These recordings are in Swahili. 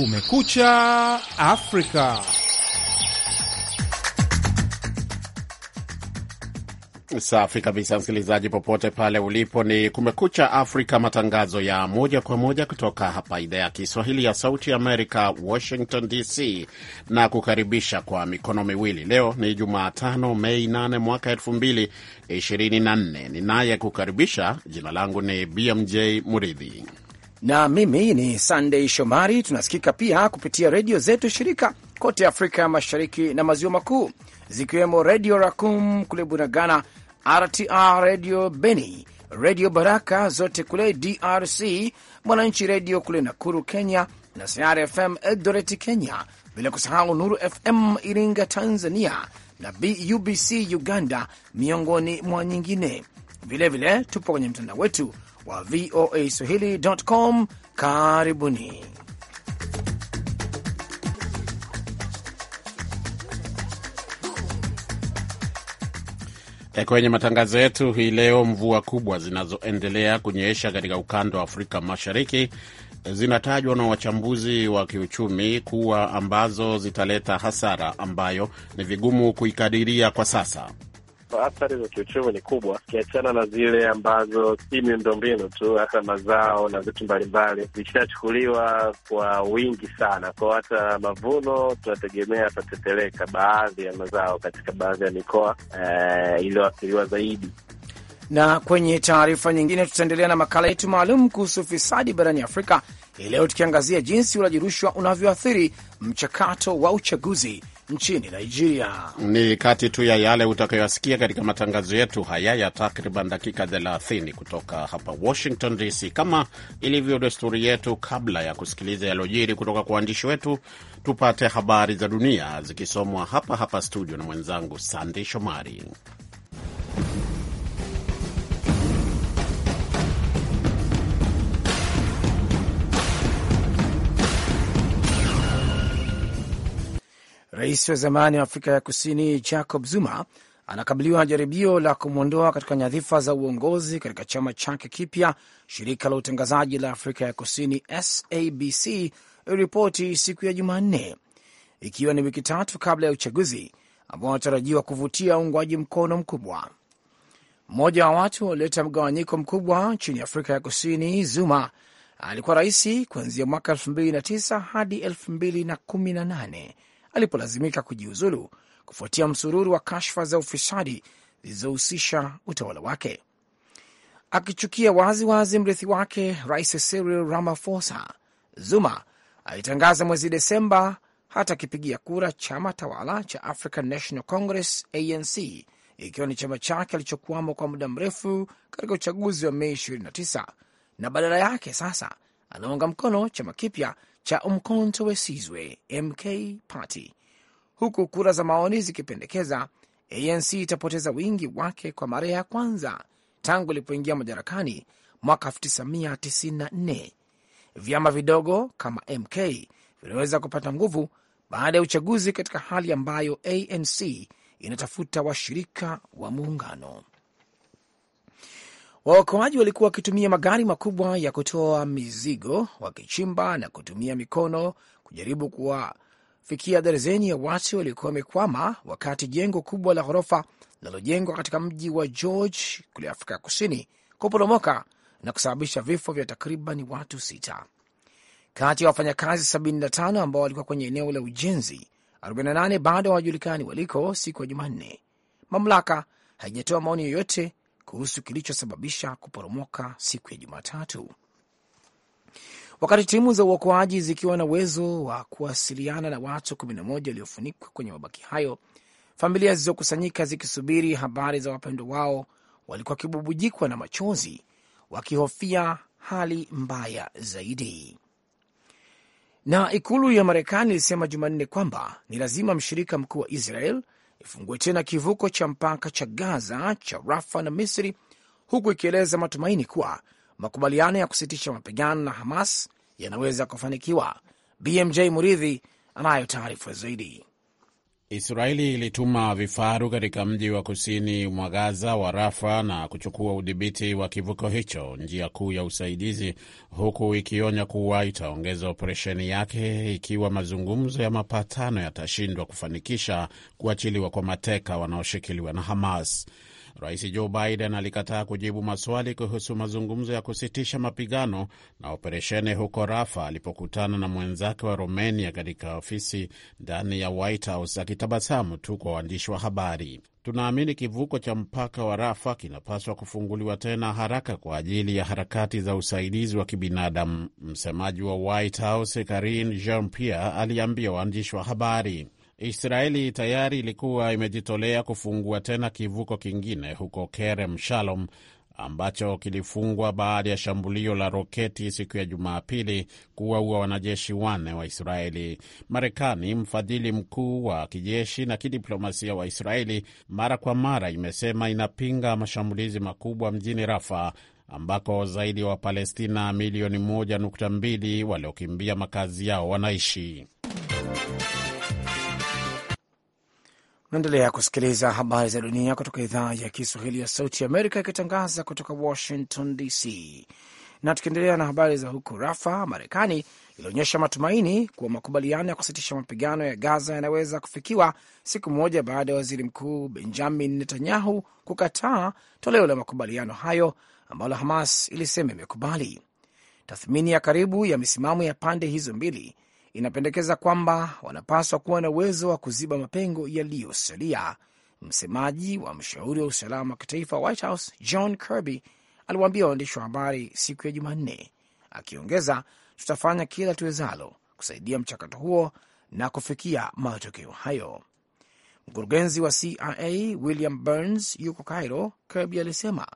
Kumekucha Afrika. Safi kabisa, msikilizaji, popote pale ulipo, ni Kumekucha Afrika, matangazo ya moja kwa moja kutoka hapa idhaa ya Kiswahili ya Sauti Amerika, Washington DC, na kukaribisha kwa mikono miwili. Leo ni Jumatano, Mei 8 mwaka 2024. Ninaye kukaribisha, jina langu ni BMJ Muridhi na mimi ni Sandey Shomari. Tunasikika pia kupitia redio zetu shirika kote Afrika Mashariki na Maziwa Makuu, zikiwemo Redio Racum kule Bunagana, RTR Redio Beni, Redio Baraka zote kule DRC, Mwananchi Redio kule Nakuru Kenya, na Sayari FM Eldoret Kenya, bila kusahau Nuru FM Iringa Tanzania na BUBC Uganda, miongoni mwa nyingine. Vilevile tupo kwenye mtandao wetu wa VOA Swahili.com. Karibuni. E, kwenye matangazo yetu hii leo, mvua kubwa zinazoendelea kunyesha katika ukanda wa Afrika Mashariki zinatajwa na wachambuzi wa kiuchumi kuwa ambazo zitaleta hasara ambayo ni vigumu kuikadiria kwa sasa athari za kiuchumi ni kubwa, ukiachana na zile ambazo si miundombinu tu, hata mazao na vitu mbalimbali vishachukuliwa kwa wingi sana, kwao, hata mavuno tunategemea atateteleka baadhi ya mazao katika baadhi ya mikoa eh, iliyoathiriwa zaidi. Na kwenye taarifa nyingine, tutaendelea na makala yetu maalum kuhusu ufisadi barani Afrika hii leo, tukiangazia jinsi ulaji rushwa unavyoathiri mchakato wa uchaguzi nchini Nigeria. Ni kati tu ya yale utakayoyasikia katika matangazo yetu haya ya takriban dakika 30 kutoka hapa Washington DC. Kama ilivyo desturi yetu, kabla ya kusikiliza yalojiri kutoka kwa waandishi wetu, tupate habari za dunia zikisomwa hapa hapa studio na mwenzangu Sandey Shomari. Rais wa zamani wa Afrika ya Kusini Jacob Zuma anakabiliwa na jaribio la kumwondoa katika nyadhifa za uongozi katika chama chake kipya, shirika la utangazaji la Afrika ya Kusini SABC ripoti siku ya Jumanne, ikiwa ni wiki tatu kabla ya uchaguzi ambao wanatarajiwa kuvutia uungwaji mkono mkubwa. Mmoja wa watu walioleta mgawanyiko mkubwa nchini Afrika ya Kusini, Zuma alikuwa rais kuanzia mwaka 2009 hadi 2018 alipolazimika kujiuzulu kufuatia msururu wa kashfa za ufisadi zilizohusisha utawala wake. Akichukia waziwazi wazi mrithi wake Rais Cyril Ramaphosa, Zuma alitangaza mwezi Desemba hata akipigia kura chama tawala cha African National Congress ANC ikiwa ni chama chake alichokuwamo kwa muda mrefu katika uchaguzi wa Mei 29 na badala yake sasa anaunga mkono chama kipya cha Umkhonto we Sizwe MK Party, huku kura za maoni zikipendekeza ANC itapoteza wingi wake kwa mara ya kwanza tangu ilipoingia madarakani mwaka 1994. Vyama vidogo kama MK vinaweza kupata nguvu baada ya uchaguzi katika hali ambayo ANC inatafuta washirika wa muungano. Waokoaji walikuwa wakitumia magari makubwa ya kutoa mizigo, wakichimba na kutumia mikono kujaribu kuwafikia darzeni ya watu waliokuwa wamekwama, wakati jengo kubwa la ghorofa linalojengwa katika mji wa George kule Afrika Kusini kuporomoka na kusababisha vifo vya takriban watu sita. Kati ya wafanyakazi 75 ambao walikuwa kwenye eneo la ujenzi, 48 bado hawajulikani waliko siku ya Jumanne. Mamlaka haijatoa maoni yoyote kuhusu kilichosababisha kuporomoka siku ya Jumatatu. Wakati timu za uokoaji zikiwa na uwezo wa kuwasiliana na watu moja waliofunikwa kwenye mabaki hayo, familia zilizokusanyika zikisubiri habari za wapendo wao walikuwa wakibubujikwa na machozi, wakihofia hali mbaya zaidi. Na ikulu ya Marekani ilisema Jumanne kwamba ni lazima mshirika mkuu wa Israel ifungue tena kivuko cha mpaka cha Gaza cha Rafa na Misri, huku ikieleza matumaini kuwa makubaliano ya kusitisha mapigano na Hamas yanaweza kufanikiwa. BMJ Muridhi anayo taarifa zaidi. Israeli ilituma vifaru katika mji wa kusini mwa Gaza wa Rafa na kuchukua udhibiti wa kivuko hicho, njia kuu ya usaidizi, huku ikionya kuwa itaongeza operesheni yake ikiwa mazungumzo ya mapatano yatashindwa kufanikisha kuachiliwa kwa mateka wanaoshikiliwa na Hamas. Rais Joe Biden alikataa kujibu maswali kuhusu mazungumzo ya kusitisha mapigano na operesheni huko Rafa alipokutana na mwenzake wa Romania katika ofisi ndani ya White House, akitabasamu tu kwa waandishi wa habari. Tunaamini kivuko cha mpaka wa Rafa kinapaswa kufunguliwa tena haraka kwa ajili ya harakati za usaidizi wa kibinadamu, msemaji wa White House Karine Jean Pierre aliambia waandishi wa habari. Israeli tayari ilikuwa imejitolea kufungua tena kivuko kingine huko Kerem Shalom ambacho kilifungwa baada ya shambulio la roketi siku ya Jumapili kuwaua wanajeshi wanne wa Israeli. Marekani, mfadhili mkuu wa kijeshi na kidiplomasia wa Israeli, mara kwa mara imesema inapinga mashambulizi makubwa mjini Rafa ambako zaidi ya wa Wapalestina milioni 1.2 waliokimbia makazi yao wanaishi. Naendelea kusikiliza habari za dunia kutoka idhaa ya Kiswahili ya Sauti Amerika ikitangaza kutoka Washington DC. Na tukiendelea na habari za huko Rafa, Marekani ilionyesha matumaini kuwa makubaliano ya kusitisha mapigano ya Gaza yanaweza kufikiwa siku moja baada ya waziri mkuu Benjamin Netanyahu kukataa toleo la makubaliano hayo ambalo Hamas ilisema imekubali. Tathmini ya karibu ya misimamo ya pande hizo mbili inapendekeza kwamba wanapaswa kuwa na uwezo wa kuziba mapengo yaliyosalia. Msemaji wa mshauri wa usalama wa kitaifa White House John Kirby aliwaambia waandishi wa habari siku ya Jumanne, akiongeza, tutafanya kila tuwezalo kusaidia mchakato huo na kufikia matokeo hayo. Mkurugenzi wa CIA William Burns yuko Cairo, Kirby alisema,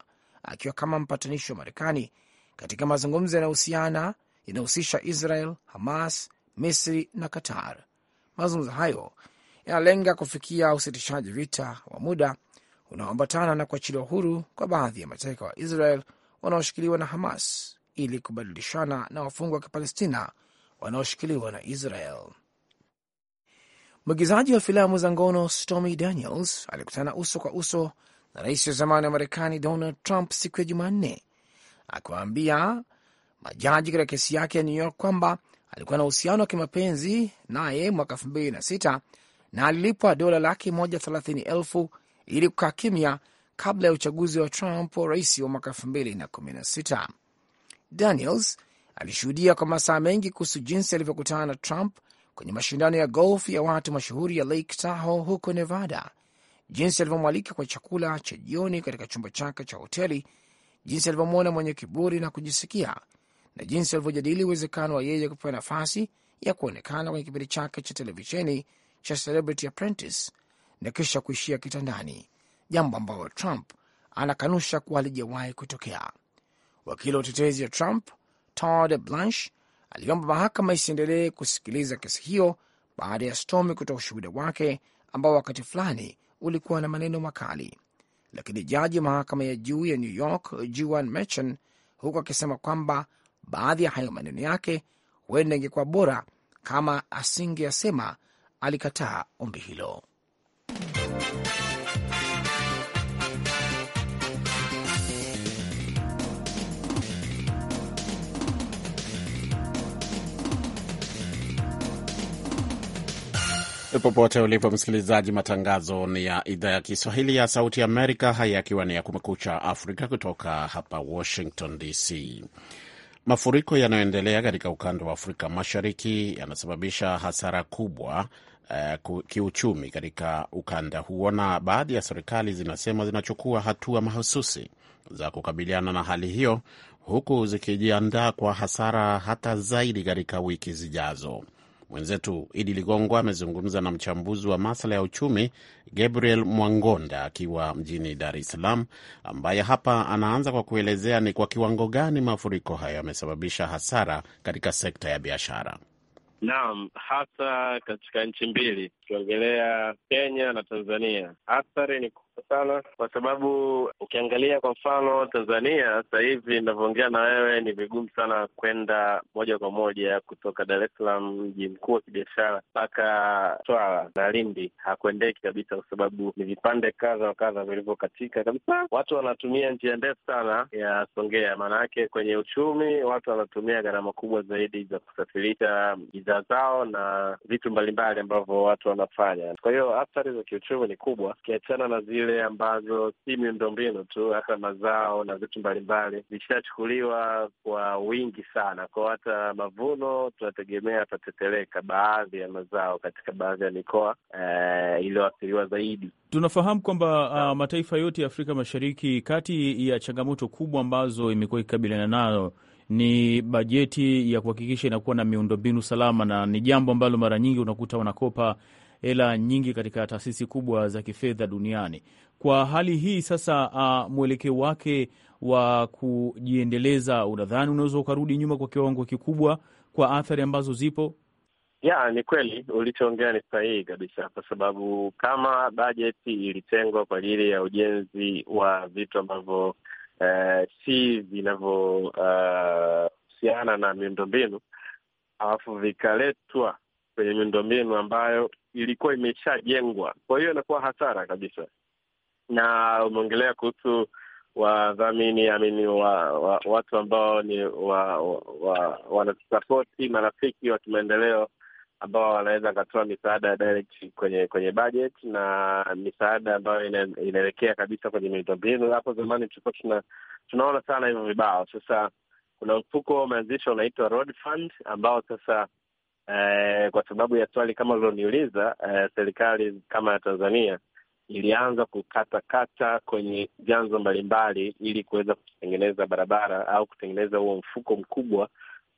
akiwa kama mpatanishi wa Marekani katika mazungumzo yanayohusiana yanahusisha Israel, Hamas Misri na Qatar. Mazungumzo hayo yanalenga kufikia usitishaji vita wa muda unaoambatana na kuachiliwa huru kwa baadhi ya mateka wa Israel wanaoshikiliwa na Hamas ili kubadilishana na wafungwa wa Kipalestina wanaoshikiliwa na Israel. Mwigizaji wa filamu za ngono Stormy Daniels alikutana uso kwa uso na rais wa zamani wa Marekani Donald Trump siku ya Jumanne, akiwaambia majaji katika kesi yake ya New York kwamba alikuwa na uhusiano wa kimapenzi naye mwaka elfu mbili na sita na alilipwa dola laki moja thelathini elfu ili kukaa kimya kabla ya uchaguzi wa Trump wa rais wa mwaka elfu mbili na kumi na sita. Daniels alishuhudia kwa masaa mengi kuhusu jinsi alivyokutana na Trump kwenye mashindano ya golf ya watu mashuhuri ya Lake Tahoe huko Nevada, jinsi alivyomwalika kwa chakula cha jioni katika chumba chake cha hoteli, jinsi alivyomwona mwenye kiburi na kujisikia na jinsi alivyojadili uwezekano wa yeye kupewa nafasi ya kuonekana kwenye kipindi chake cha televisheni cha Celebrity Apprentice na kisha kuishia kitandani, jambo ambalo Trump anakanusha kuwa alijawahi kutokea. Wakili wa utetezi wa Trump Todd Blanche aliomba mahakama isiendelee kusikiliza kesi hiyo baada ya Stormy kutoa ushuhuda wake ambao wakati fulani ulikuwa na maneno makali, lakini jaji mahakama ya juu ya New York Juan Merchan, huku akisema kwamba Baadhi ya hayo maneno yake huenda ingekuwa bora kama asingeyasema. Alikataa ombi hilo. Popote ulipo msikilizaji, matangazo ni ya idhaa ya Kiswahili ya Sauti Amerika, haya yakiwa ni ya Kumekucha Afrika kutoka hapa Washington DC. Mafuriko yanayoendelea katika ukanda wa Afrika Mashariki yanasababisha hasara kubwa uh, kiuchumi katika ukanda huo, na baadhi ya serikali zinasema zinachukua hatua mahususi za kukabiliana na hali hiyo, huku zikijiandaa kwa hasara hata zaidi katika wiki zijazo. Mwenzetu Idi Ligongo amezungumza na mchambuzi wa masuala ya uchumi Gabriel Mwangonda akiwa mjini Dar es Salaam, ambaye hapa anaanza kwa kuelezea ni kwa kiwango gani mafuriko hayo yamesababisha hasara katika sekta ya biashara. Naam, hasa katika nchi mbili, tukiongelea Kenya na Tanzania, athari ni sana, kwa sababu ukiangalia kwa mfano Tanzania sasa hivi inavyoongea na wewe, ni vigumu sana kwenda moja kwa moja kutoka Dar es Salaam, mji mkuu wa kibiashara, mpaka Swala na Lindi, hakuendeki kabisa, kwa sababu ni vipande kadha wa kadha vilivyokatika kabisa. Watu wanatumia njia ndefu sana ya Songea, maana yake kwenye uchumi watu wanatumia gharama kubwa zaidi za kusafirisha bidhaa zao na vitu mbalimbali ambavyo watu wanafanya. Kwa hiyo athari za kiuchumi ni kubwa, ukiachana na zile zile ambazo si miundombinu tu, hata mazao na vitu mbalimbali vishachukuliwa kwa wingi sana, kwao. hata mavuno tunategemea yatateteleka baadhi ya mazao katika baadhi ya mikoa eh, iliyoathiriwa zaidi. Tunafahamu kwamba uh, mataifa yote ya Afrika Mashariki, kati ya changamoto kubwa ambazo imekuwa ikikabiliana nayo ni bajeti ya kuhakikisha inakuwa na miundombinu salama, na ni jambo ambalo mara nyingi unakuta wanakopa hela nyingi katika taasisi kubwa za kifedha duniani. Kwa hali hii sasa, uh, mwelekeo wake wa kujiendeleza, unadhani unaweza ukarudi nyuma kwa kiwango kikubwa kwa athari ambazo zipo? Ya, ni kweli ulichoongea ni sahihi kabisa, kwa sababu kama bajeti ilitengwa kwa ajili ya ujenzi wa vitu ambavyo eh, uh, si vinavyohusiana uh, na miundombinu alafu vikaletwa kwenye miundombinu ambayo ilikuwa imeshajengwa, kwa hiyo inakuwa hasara kabisa. Na umeongelea kuhusu wadhamini amini wa, wa, watu ambao ni wa, wa, wa, wanatusapoti marafiki wa kimaendeleo ambao wanaweza wakatoa misaada ya direct kwenye kwenye budget na misaada ambayo inaelekea kabisa kwenye miundombinu. Hapo zamani tulikuwa tuna, tunaona sana hivyo vibao. Sasa kuna mfuko umeanzishwa unaitwa Road Fund ambao sasa eh, kwa sababu ya swali kama uliloniuliza eh, serikali kama ya Tanzania ilianza kukatakata kwenye vyanzo mbalimbali ili kuweza kutengeneza barabara au kutengeneza huo mfuko mkubwa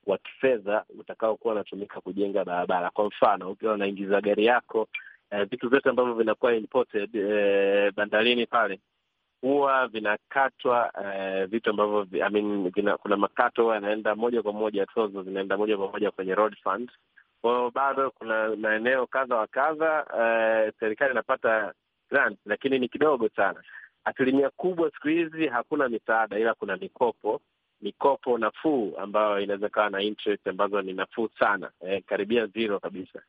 wa kifedha utakaokuwa unatumika kujenga barabara. Kwa mfano, ukiwa unaingiza gari yako eh, vitu eh, vyote ambavyo vinakuwa imported eh, bandarini pale huwa vinakatwa uh, vitu ambavyo I mean, vina, kuna makato yanaenda moja kwa moja, tozo zinaenda moja kwa moja kwenye road fund. Kwa hiyo bado kuna maeneo kadha wa kadha uh, serikali inapata grant, lakini ni kidogo sana. Asilimia kubwa siku hizi hakuna misaada, ila kuna mikopo mikopo nafuu ambayo inaweza kawa na interest ambazo ni nafuu sana, eh, karibia zero kabisa.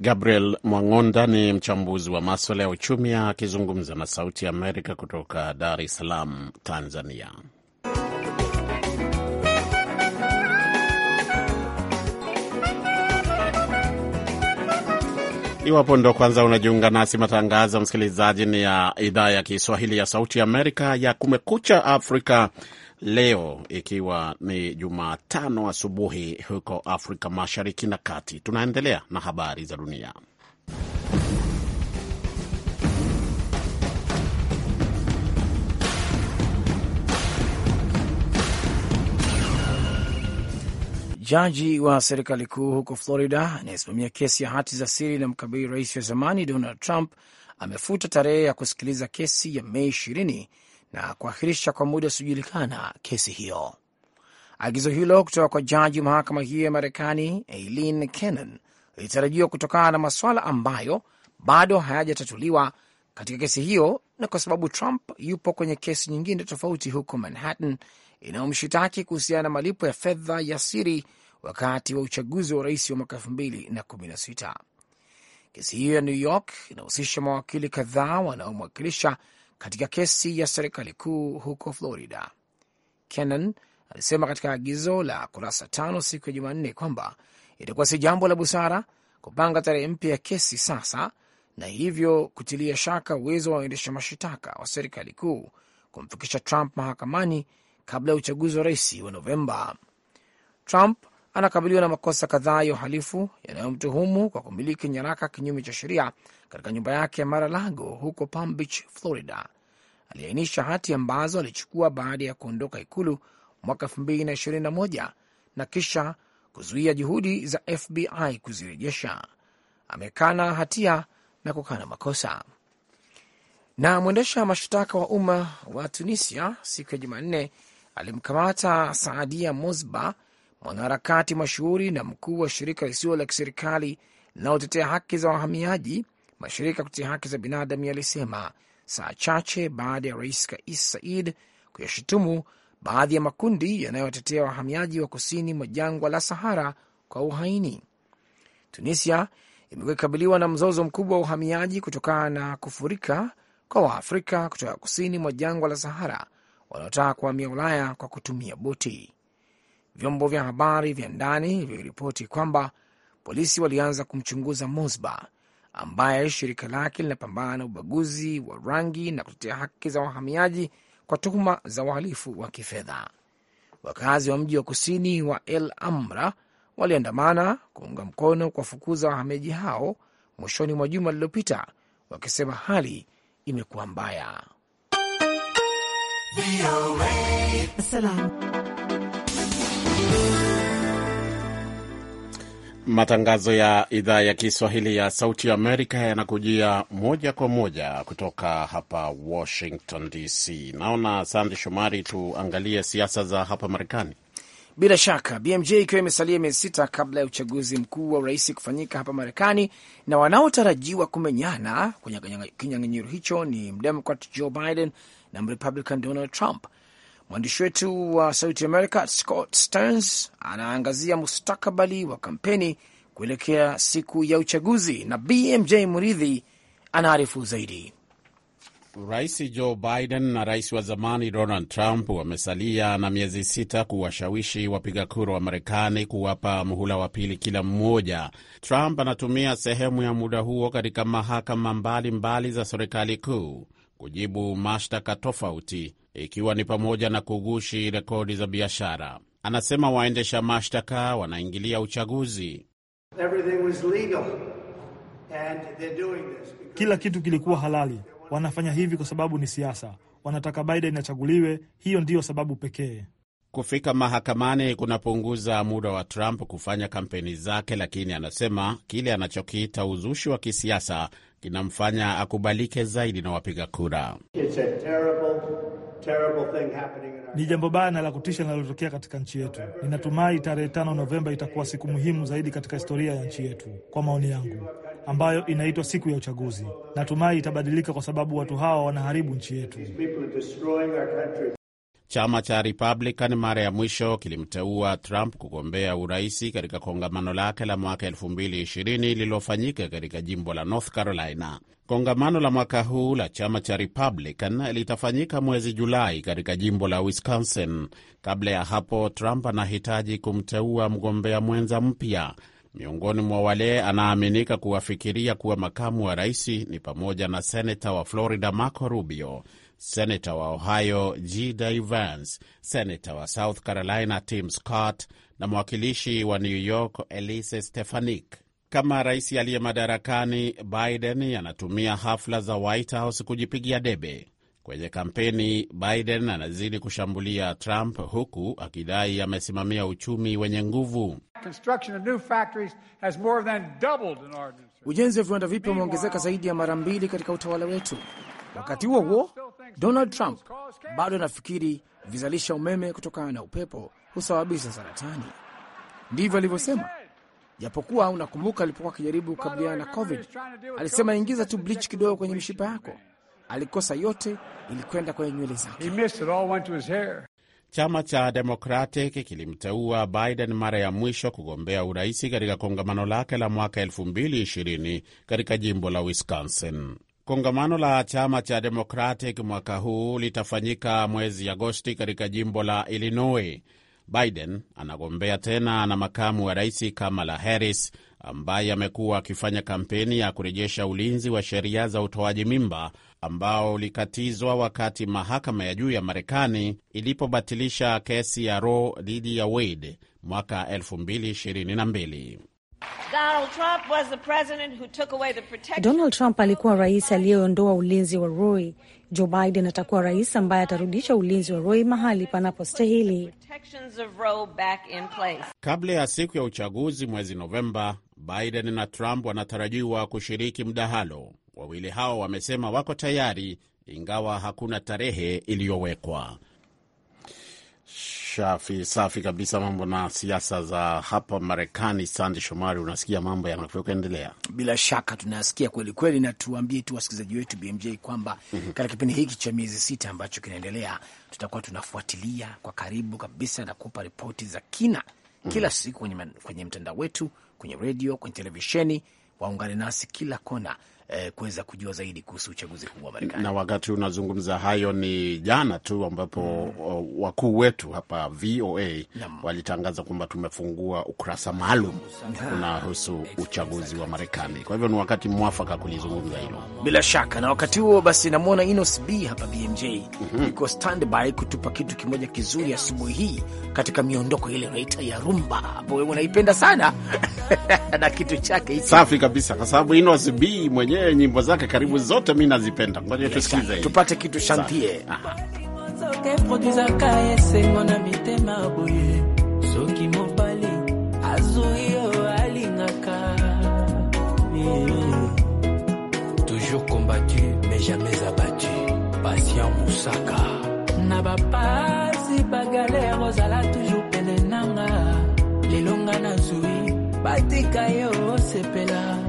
Gabriel Mwang'onda ni mchambuzi wa maswala ya uchumi akizungumza na Sauti ya Amerika kutoka Dar es Salaam, Tanzania. Iwapo ndo kwanza unajiunga nasi, matangazo msikilizaji, ni ya idhaa ya Kiswahili ya Sauti ya Amerika ya Kumekucha Afrika leo ikiwa ni Jumatano asubuhi huko Afrika Mashariki na Kati. Tunaendelea na habari za dunia. Jaji wa serikali kuu huko Florida anayesimamia kesi ya hati za siri na mkabili rais wa zamani Donald Trump amefuta tarehe ya kusikiliza kesi ya Mei ishirini na kuahirisha kwa muda usiojulikana kesi hiyo. Agizo hilo kutoka kwa jaji mahakama hiyo ya Marekani Eileen Cannon lilitarajiwa kutokana na masuala ambayo bado hayajatatuliwa katika kesi hiyo, na kwa sababu Trump yupo kwenye kesi nyingine tofauti huko Manhattan inayomshitaki kuhusiana na malipo ya fedha ya siri wakati wa uchaguzi wa urais wa mwaka elfu mbili na kumi na sita. Kesi hiyo ya New York inahusisha mawakili kadhaa wanaomwakilisha katika kesi ya serikali kuu huko Florida. Kennan alisema katika agizo la kurasa tano siku ya Jumanne kwamba itakuwa si jambo la busara kupanga tarehe mpya ya kesi sasa, na hivyo kutilia shaka uwezo wa waendesha mashitaka wa serikali kuu kumfikisha Trump mahakamani kabla ya uchaguzi wa rais wa Novemba. Trump anakabiliwa na makosa kadhaa ya uhalifu yanayomtuhumu kwa kumiliki nyaraka kinyume cha sheria katika nyumba yake ya Maralago huko Palm Beach, Florida. Aliainisha hati ambazo alichukua baada ya kuondoka ikulu mwaka 2021 na kisha kuzuia juhudi za FBI kuzirejesha. Amekana hatia na kukana makosa. Na mwendesha mashtaka wa umma wa Tunisia siku ya Jumanne alimkamata Saadia Mosba mwanaharakati mashuhuri na mkuu wa shirika lisilo la kiserikali linalotetea haki za wahamiaji, mashirika kutetea haki za binadamu yalisema saa chache baada ya rais Kais Said kuyashutumu baadhi ya makundi yanayowatetea wahamiaji wa kusini mwa jangwa la Sahara kwa uhaini. Tunisia imekuwa ikikabiliwa na mzozo mkubwa wa uhamiaji kutokana na kufurika kwa Waafrika kutoka kusini mwa jangwa la Sahara wanaotaka kuhamia Ulaya kwa kutumia boti. Vyombo vya habari vya ndani viliripoti kwamba polisi walianza kumchunguza Mosba ambaye shirika lake linapambana na ubaguzi wa rangi na kutetea haki za wahamiaji kwa tuhuma za uhalifu wa kifedha. Wakazi wa mji wa kusini wa El Amra waliandamana kuunga mkono kuwafukuza wahamiaji hao mwishoni mwa juma lililopita, wakisema hali imekuwa mbaya. Matangazo ya idhaa ya Kiswahili ya Sauti ya Amerika yanakujia moja kwa moja kutoka hapa Washington DC. Naona Sande Shomari, tuangalie siasa za hapa Marekani. Bila shaka BMJ, ikiwa imesalia miezi sita kabla ya uchaguzi mkuu wa urais kufanyika hapa Marekani, na wanaotarajiwa kumenyana kwenye kinyang'anyiro hicho ni Mdemokrat Joe Biden na Mrepublican Donald Trump. Mwandishi wetu wa Sauti Amerika Scott Stearns anaangazia mustakabali wa kampeni kuelekea siku ya uchaguzi, na BMJ Muridhi anaarifu zaidi. Rais Joe Biden na rais wa zamani Donald Trump wamesalia na miezi sita kuwashawishi wapiga kura wa Marekani kuwapa muhula wa pili kila mmoja. Trump anatumia sehemu ya muda huo katika mahakama mbalimbali mbali za serikali kuu kujibu mashtaka tofauti ikiwa ni pamoja na kugushi rekodi za biashara. Anasema waendesha mashtaka wanaingilia uchaguzi. Kila kitu kilikuwa halali. Wanafanya hivi kwa sababu ni siasa, wanataka Biden achaguliwe. Hiyo ndiyo sababu pekee. Kufika mahakamani kunapunguza muda wa Trump kufanya kampeni zake, lakini anasema kile anachokiita uzushi wa kisiasa kinamfanya akubalike zaidi na wapiga kura. It's a terrible ni jambo baya na la kutisha linalotokea katika nchi yetu. Ninatumai tarehe tano Novemba itakuwa siku muhimu zaidi katika historia ya nchi yetu, kwa maoni yangu, ambayo inaitwa siku ya uchaguzi. Natumai itabadilika, kwa sababu watu hawa wanaharibu nchi yetu. Chama cha Republican mara ya mwisho kilimteua Trump kugombea uraisi katika kongamano lake la mwaka 2020 lililofanyika katika jimbo la North Carolina. Kongamano la mwaka huu la chama cha Republican litafanyika mwezi Julai katika jimbo la Wisconsin. Kabla ya hapo, Trump anahitaji kumteua mgombea mwenza mpya. Miongoni mwa wale anaaminika kuwafikiria kuwa makamu wa rais ni pamoja na senata wa Florida Marco Rubio senata wa Ohio G. Dei Vance, senata wa South Carolina Tim Scott na mwakilishi wa New York Elise Stefanik. Kama rais aliye madarakani, Biden anatumia hafla za White House kujipigia debe. Kwenye kampeni, Biden anazidi kushambulia Trump huku akidai amesimamia uchumi wenye nguvu. Ujenzi wa viwanda vipya umeongezeka zaidi ya mara mbili katika utawala wetu, Wakati huo huo, Donald Trump bado anafikiri vizalisha umeme kutokana na upepo husababisha saratani. Ndivyo alivyosema, japokuwa unakumbuka, alipokuwa akijaribu kukabiliana na COVID alisema ingiza tu bleach kidogo kwenye mishipa yako. Alikosa yote, ilikwenda kwenye nywele zake. Chama cha Democratic kilimteua Biden mara ya mwisho kugombea uraisi katika kongamano lake la mwaka 2020 katika jimbo la Wisconsin. Kongamano la chama cha Democratic mwaka huu litafanyika mwezi Agosti katika jimbo la Illinois. Biden anagombea tena na makamu wa rais Kamala Harris ambaye amekuwa akifanya kampeni ya kurejesha ulinzi wa sheria za utoaji mimba ambao ulikatizwa wakati mahakama ya juu ya Marekani ilipobatilisha kesi ya Roe dhidi ya Wade mwaka 2022. Donald Trump, alikuwa rais aliyeondoa ulinzi wa roy Joe Biden atakuwa rais ambaye atarudisha ulinzi wa roy mahali panapostahili. Kabla ya siku ya uchaguzi mwezi Novemba, Biden na Trump wanatarajiwa kushiriki mdahalo. Wawili hao wamesema wako tayari, ingawa hakuna tarehe iliyowekwa. Shafi, safi kabisa. Mambo na siasa za hapa Marekani, Sande Shomari, unasikia mambo yanavyoendelea. Bila shaka tunasikia kweli kweli, na tuambie tu wasikilizaji wetu BMJ kwamba mm -hmm. katika kipindi hiki cha miezi sita ambacho kinaendelea, tutakuwa tunafuatilia kwa karibu kabisa na kupa ripoti za kina mhm. kila mm -hmm. siku kwenye, kwenye mtandao wetu, kwenye redio, kwenye televisheni. Waungane nasi kila kona eh, kuweza kujua zaidi kuhusu uchaguzi huu wa Marekani. Na wakati unazungumza hayo, ni jana tu ambapo mm, wakuu wetu hapa VOA Nam. walitangaza kwamba tumefungua ukurasa maalum unahusu uchaguzi wa Marekani. Kwa hivyo ni wakati mwafaka kulizungumza hilo bila shaka, na wakati huo basi namwona Inos B hapa BMJ mm -hmm. standby kutupa kitu kimoja kizuri asubuhi hii katika miondoko ile unaita ya rumba, ambao wewe unaipenda sana na kitu chake hiki safi kabisa, kwa sababu Inos B mwenyewe yeye nyimbo zake karibu zote mi nazipenda. Ngoja tusikize, tupate kitu chantie mm. toujours combattu mais jamais abattu patient musaka na bapasi bagalere ozala toujours pene nanga lelonga na zui batika yo osepela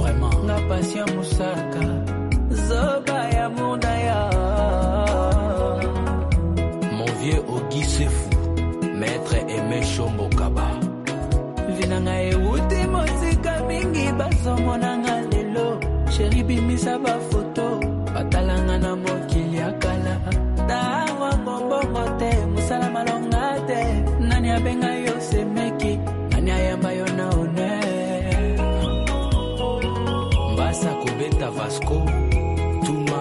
Vraiment, la passion moussaka. Thank you. yosemeki nani naone mbasa vasco tuma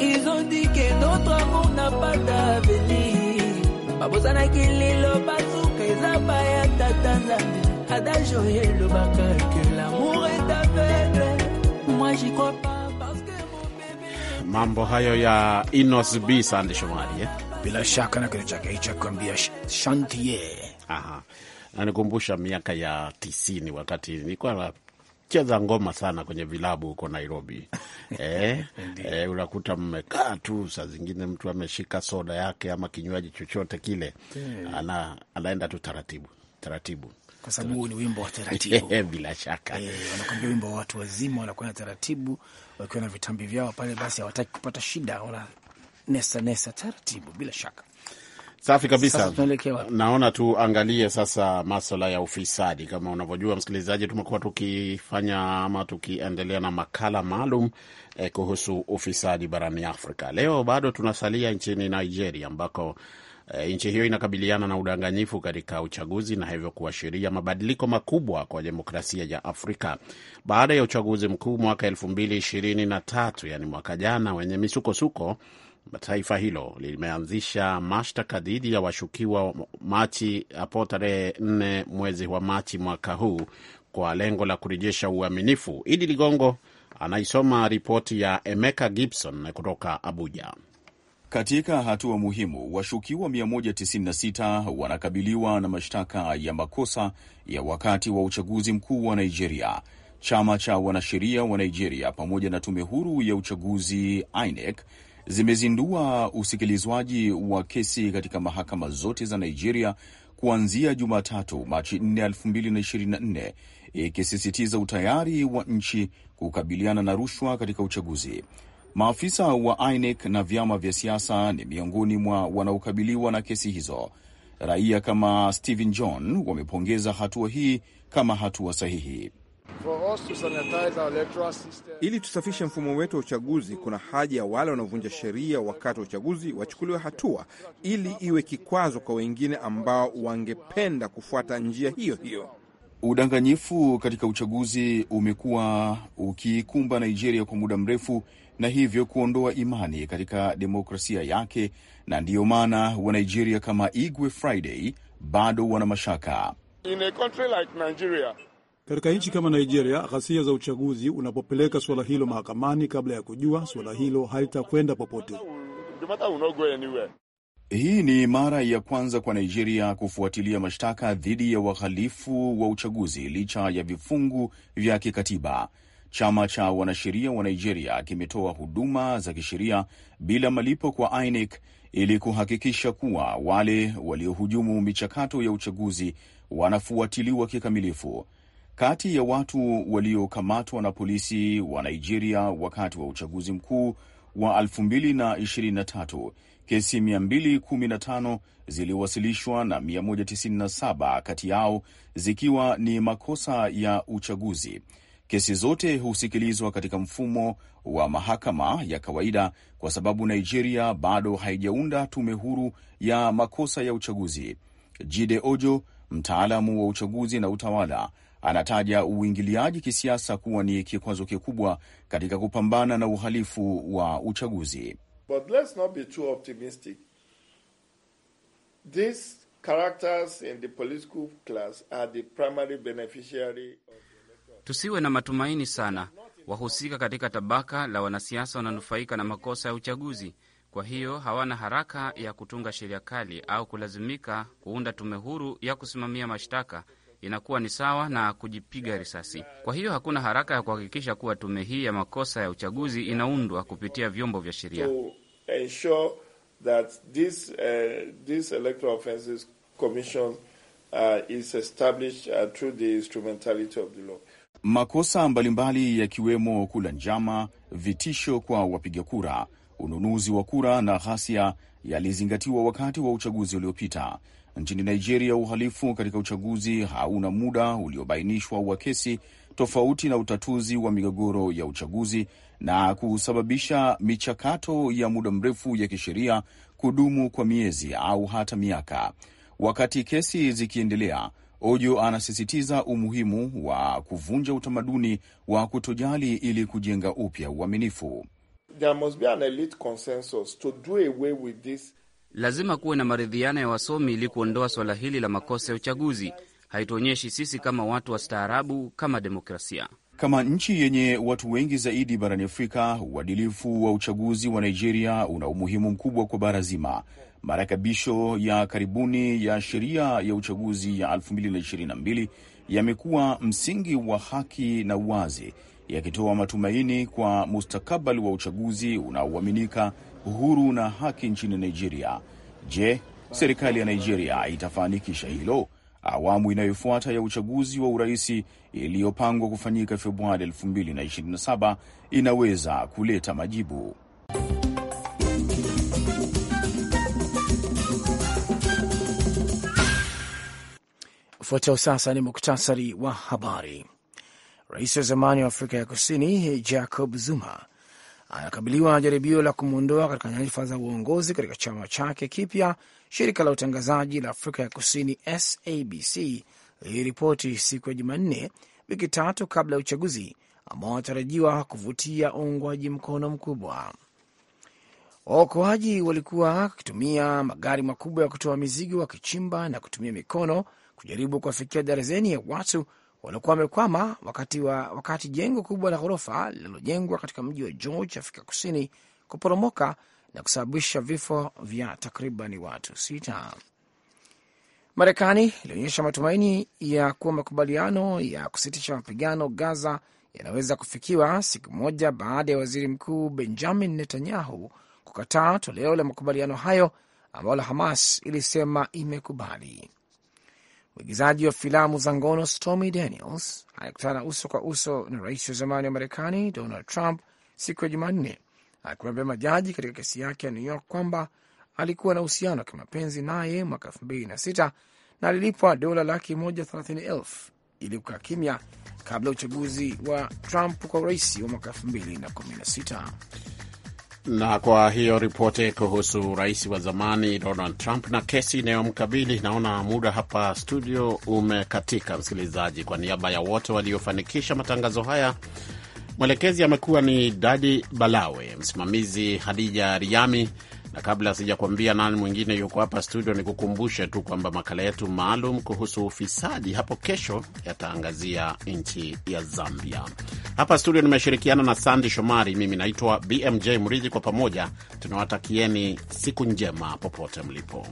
ils ont dit que notre amour n'a pas d'avenir Mambo hayo ya Inos B Sande Shomari eh? Bila shaka na kitu chake hicho kuambia shantie. nanikumbusha miaka ya tisini wakati nilikuwa nacheza cheza ngoma sana kwenye vilabu huko Nairobi eh, eh, unakuta mmekaa tu, saa zingine mtu ameshika soda yake ama kinywaji chochote kile, ana, anaenda tu taratibu taratibu kwa sababu huu ni wimbo wa taratibu bila shaka e, eh, wanakwambia wimbo wa watu wazima wanakwenda taratibu wakiwa na vitambi vyao pale, basi hawataki kupata shida, wana nesa nesa taratibu, bila shaka. Safi kabisa. Naona tuangalie sasa maswala ya ufisadi. Kama unavyojua msikilizaji, tumekuwa tukifanya ama tukiendelea na makala maalum eh, kuhusu ufisadi barani Afrika. Leo bado tunasalia nchini Nigeria ambako E, nchi hiyo inakabiliana na udanganyifu katika uchaguzi na hivyo kuashiria mabadiliko makubwa kwa demokrasia ya Afrika baada ya uchaguzi mkuu mwaka elfu mbili ishirini na tatu yani mwaka jana wenye misukosuko. Taifa hilo limeanzisha mashtaka dhidi ya washukiwa Machi hapo tarehe 4 mwezi wa Machi mwaka huu kwa lengo la kurejesha uaminifu. Idi Ligongo anaisoma ripoti ya Emeka Gibson kutoka Abuja. Katika hatua muhimu, washukiwa 196 wanakabiliwa na mashtaka ya makosa ya wakati wa uchaguzi mkuu wa Nigeria. Chama cha wanasheria wa Nigeria pamoja na tume huru ya uchaguzi INEC zimezindua usikilizwaji wa kesi katika mahakama zote za Nigeria kuanzia Jumatatu, Machi 4, 2024 ikisisitiza utayari wa nchi kukabiliana na rushwa katika uchaguzi. Maafisa wa INEC na vyama vya siasa ni miongoni mwa wanaokabiliwa na kesi hizo. Raia kama Stephen John wamepongeza hatua hii kama hatua sahihi. Ili tusafishe mfumo wetu wa uchaguzi, kuna haja ya wale wanaovunja sheria wakati wa uchaguzi wachukuliwe hatua, ili iwe kikwazo kwa wengine ambao wangependa kufuata njia hiyo hiyo. Udanganyifu katika uchaguzi umekuwa ukiikumba Nigeria kwa muda mrefu na hivyo kuondoa imani katika demokrasia yake, na ndiyo maana wa Nigeria kama Igwe Friday bado wana mashaka. In a country like Nigeria, katika nchi kama Nigeria, ghasia za uchaguzi, unapopeleka suala hilo mahakamani kabla ya kujua suala hilo halitakwenda popote. Hii ni mara ya kwanza kwa Nigeria kufuatilia mashtaka dhidi ya wahalifu wa uchaguzi licha ya vifungu vya kikatiba. Chama cha wanasheria wa Nigeria kimetoa huduma za kisheria bila malipo kwa INEC ili kuhakikisha kuwa wale waliohujumu michakato ya uchaguzi wanafuatiliwa kikamilifu. Kati ya watu waliokamatwa na polisi wa Nigeria wakati wa uchaguzi mkuu wa 2023 Kesi 215 ziliwasilishwa na 197 kati yao zikiwa ni makosa ya uchaguzi. Kesi zote husikilizwa katika mfumo wa mahakama ya kawaida kwa sababu Nigeria bado haijaunda tume huru ya makosa ya uchaguzi. Jide Ojo, mtaalamu wa uchaguzi na utawala, anataja uingiliaji kisiasa kuwa ni kikwazo kikubwa katika kupambana na uhalifu wa uchaguzi. But let's not be too optimistic. These characters in the political class are the primary beneficiary. of the Tusiwe na matumaini sana. Wahusika katika tabaka la wanasiasa wananufaika na makosa ya uchaguzi. Kwa hiyo hawana haraka ya kutunga sheria kali au kulazimika kuunda tume huru ya kusimamia mashtaka inakuwa ni sawa na kujipiga risasi. Kwa hiyo hakuna haraka ya kuhakikisha kuwa tume hii ya makosa ya uchaguzi inaundwa kupitia vyombo vya sheria. Uh, uh, uh, makosa mbalimbali yakiwemo kula njama, vitisho kwa wapiga kura, ununuzi wa kura na ghasia yalizingatiwa wakati wa uchaguzi uliopita. Nchini Nigeria, uhalifu katika uchaguzi hauna muda uliobainishwa wa kesi, tofauti na utatuzi wa migogoro ya uchaguzi na kusababisha michakato ya muda mrefu ya kisheria kudumu kwa miezi au hata miaka. Wakati kesi zikiendelea, Ojo anasisitiza umuhimu wa kuvunja utamaduni wa kutojali ili kujenga upya uaminifu. There must be an elite consensus to do away with this Lazima kuwe na maridhiano ya wasomi ili kuondoa swala hili la makosa ya uchaguzi. Haituonyeshi sisi kama watu wastaarabu, kama demokrasia kama nchi yenye watu wengi zaidi barani Afrika, uadilifu wa uchaguzi wa Nigeria una umuhimu mkubwa kwa bara zima. Marekebisho ya karibuni ya sheria ya uchaguzi ya 2022 yamekuwa msingi wa haki na uwazi, yakitoa matumaini kwa mustakabali wa uchaguzi unaoaminika uhuru na haki nchini Nigeria. Je, serikali ya Nigeria itafanikisha hilo? Awamu inayofuata ya uchaguzi wa uraisi iliyopangwa kufanyika Februari 2027 inaweza kuleta majibu. Ufuatao sasa ni muktasari wa habari. Rais wa zamani wa Afrika ya Kusini Jacob Zuma anakabiliwa na jaribio la kumwondoa katika nyadhifa za uongozi katika chama chake kipya, shirika la utangazaji la Afrika ya Kusini SABC liliripoti siku ya Jumanne, wiki tatu kabla ya uchaguzi ambao wanatarajiwa kuvutia uungwaji mkono mkubwa. Waokoaji walikuwa wakitumia magari makubwa ya kutoa mizigo, wakichimba na kutumia mikono kujaribu kuwafikia darazeni ya watu waliokuwa wamekwama wakati, wa, wakati jengo kubwa la ghorofa lililojengwa katika mji wa George, Afrika Kusini, kuporomoka na kusababisha vifo vya takriban watu sita. Marekani ilionyesha matumaini ya kuwa makubaliano ya kusitisha mapigano Gaza yanaweza kufikiwa siku moja baada ya waziri mkuu Benjamin Netanyahu kukataa toleo la makubaliano hayo ambalo Hamas ilisema imekubali. Mwigizaji wa filamu za ngono Stormy Daniels alikutana uso kwa uso na rais wa zamani wa Marekani Donald Trump siku ya Jumanne, akiwaambia majaji katika kesi yake ya New York kwamba alikuwa na uhusiano wa kimapenzi naye mwaka elfu mbili na sita na alilipwa dola laki moja thelathini elfu ili kukaa kimya kabla ya uchaguzi wa Trump kwa urais wa mwaka elfu mbili na kumi na sita. Na kwa hiyo ripoti kuhusu rais wa zamani Donald Trump na kesi inayomkabili. Naona muda hapa studio umekatika, msikilizaji. Kwa niaba ya wote waliofanikisha matangazo haya, mwelekezi amekuwa ni Dadi Balawe, msimamizi Hadija Riami. Na kabla kuambia nani mwingine yuko hapa studio, nikukumbushe tu kwamba makala yetu maalum kuhusu ufisadi hapo kesho yataangazia nchi ya Zambia. Hapa studio nimeshirikiana na Sandi Shomari, mimi naitwa BMJ Mridhi. Kwa pamoja tunawatakieni siku njema popote mlipo.